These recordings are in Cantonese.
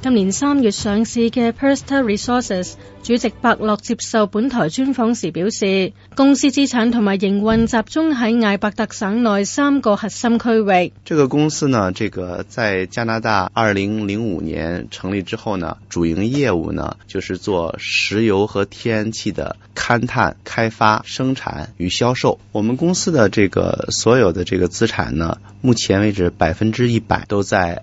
今年三月上市嘅 Persta Resources 主席伯樂接受本台專訪時表示，公司資產同埋營運集中喺艾伯特省內三個核心區域。這個公司呢，這個在加拿大二零零五年成立之後呢，主營業務呢，就是做石油和天然氣的勘探、開發、生產與銷售。我們公司的這個所有的這個資產呢，目前為止百分之一百都在。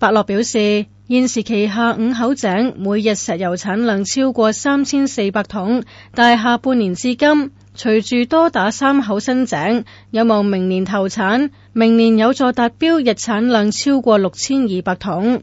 伯樂表示，現時旗下五口井每日石油產量超過三千四百桶，但下半年至今，隨住多打三口新井，有望明年投產，明年有助達標日產量超過六千二百桶。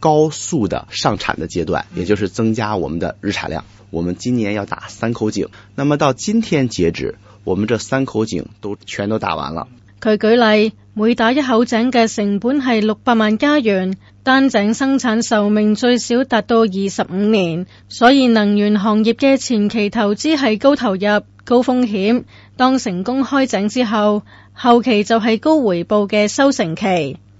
高速的上產的階段，也就是增加我們的日產量。我們今年要打三口井，那麼到今天截止，我們這三口井都全都打完了。佢舉例，每打一口井嘅成本係六百萬加元，單井生產壽命最少達到二十五年，所以能源行業嘅前期投資係高投入、高風險。當成功開井之後，後期就係高回報嘅收成期。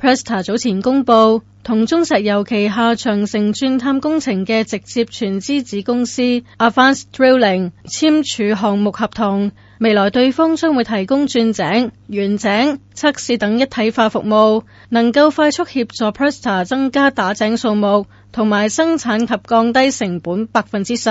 Persta 早前公布，同中石油旗下長城鑽探工程嘅直接全資子公司 Avance Drilling 簽署項目合同，未來對方將會提供鑽井、完井、測試等一體化服務，能夠快速協助 Persta 增加打井數目，同埋生產及降低成本百分之十。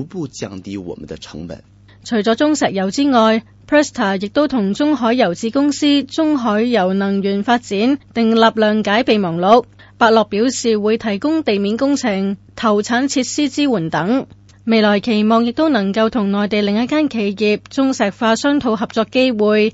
逐步降低我們的成本。除咗中石油之外 Persta 亦都同中海油子公司中海油能源發展訂立諒解備忘錄。伯樂表示會提供地面工程投產設施支援等，未來期望亦都能夠同內地另一間企業中石化商討合作機會。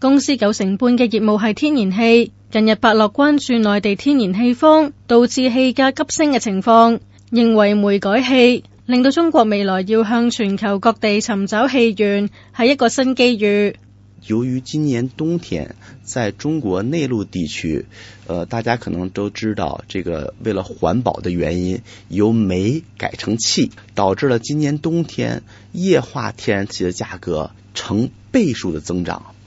公司九成半嘅業務係天然氣。近日，伯樂關注內地天然氣荒導致氣價急升嘅情況，認為煤改氣令到中國未來要向全球各地尋找氣源係一個新機遇。由於今年冬天在中國內陸地區，呃，大家可能都知道，這個為了環保的原因由煤改成氣，導致了今年冬天液化天然氣嘅價格成倍數的增長。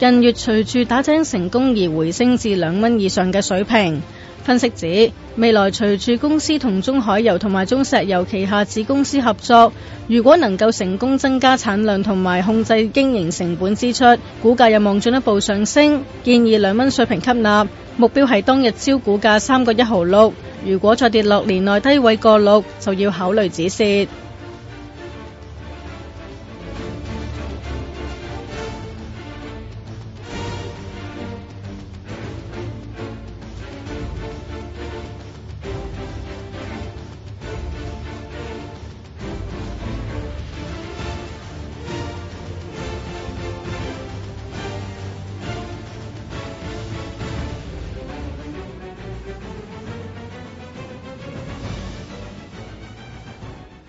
近月隨住打井成功而回升至兩蚊以上嘅水平，分析指未來隨住公司同中海油同埋中石油旗下子公司合作，如果能夠成功增加產量同埋控制經營成本支出，股價有望進一步上升。建議兩蚊水平吸納，目標係當日招股價三個一毫六。如果再跌落年內低位個六，就要考慮止蝕。